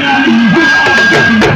Yeah.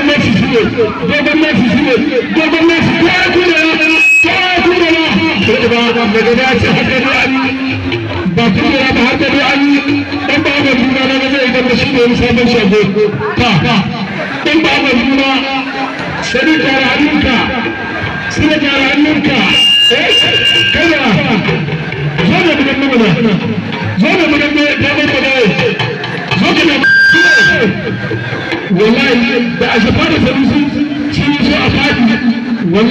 gwamnati shi ne ko gwamnati shi ta kudura hannunka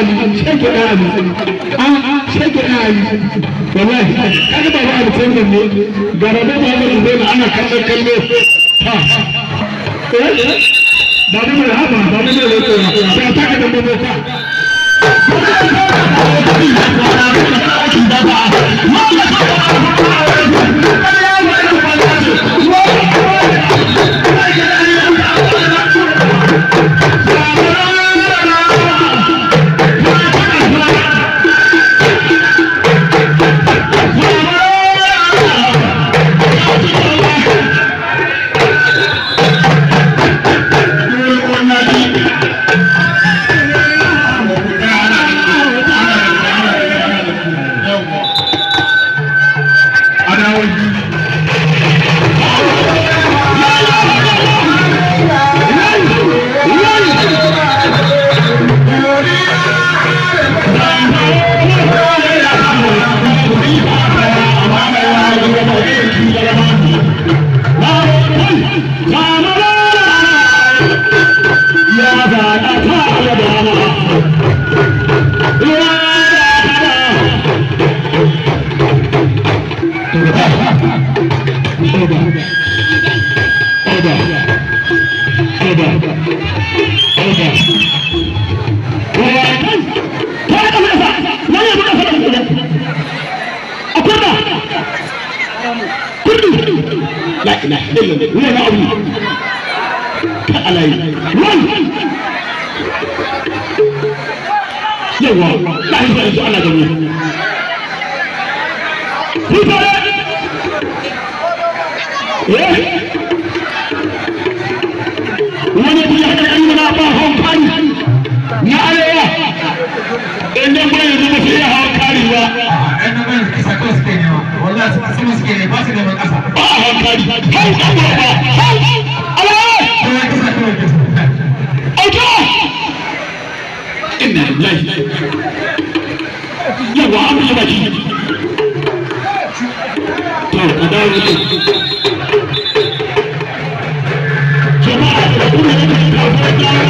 ali sheke ali a ali wallahi kaga baba abu sai ne ga baba baba ne ba ana da kallo ha eh? ba mu da haba ba mu da wato da ta ka dan baba ka Mama, you. Ala illallah wani abu ka da su hau kan gaba hau alawar auto ya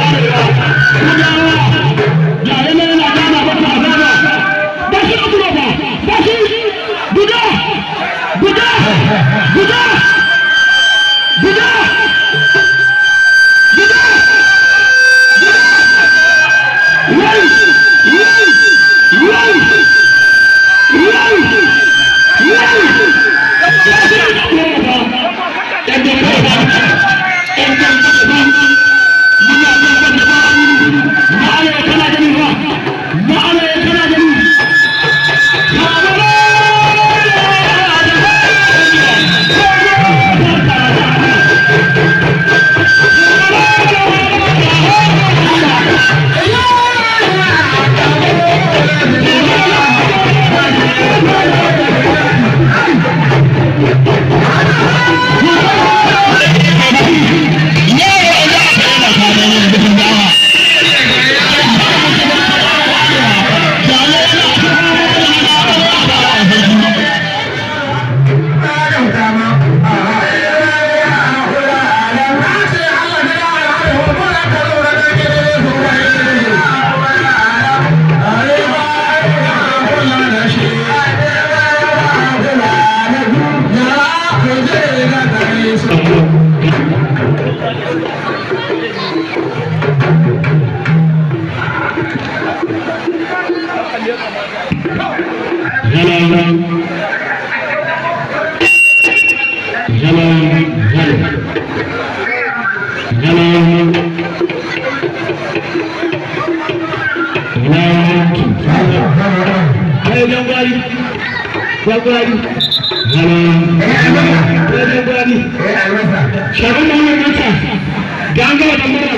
yi Jagwari. Jagwari. Da